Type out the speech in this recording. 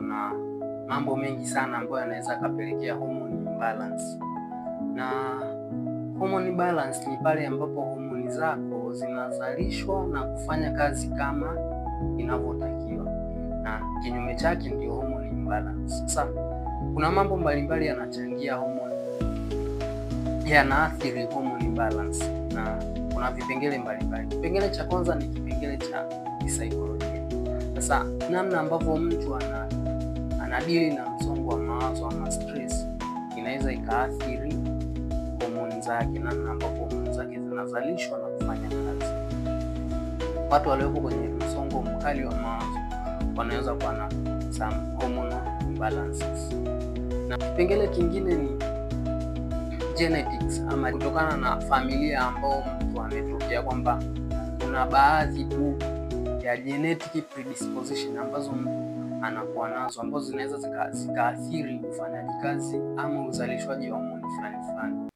kuna mambo mengi sana ambayo yanaweza akapelekea hormone imbalance. Na hormone imbalance ni pale ambapo homoni zako zinazalishwa na kufanya kazi kama inavyotakiwa, na kinyume chake ndio hormone imbalance. Sasa kuna mambo mbalimbali yanachangia hormone, yanaathiri hormone imbalance, na kuna vipengele mbalimbali. Kipengele cha kwanza ni kipengele cha kisaikolojia. Sasa namna ambavyo mtu ana anadili na msongo wa mawazo ama stress, inaweza ikaathiri homoni zake, na ambapo homoni zake zinazalishwa na kufanya kazi. Watu walioko kwenye msongo mkali wa mawazo wanaweza kuwa na some hormonal imbalances. Na kipengele kingine ni genetics, ama kutokana na familia ambao mtu ametokea, kwamba kuna baadhi tu ya genetic predisposition ambazo mtu anakuwa nazo ambazo zinaweza zikaathiri ufanyaji kazi ama uzalishwaji wa homoni fulani fulani.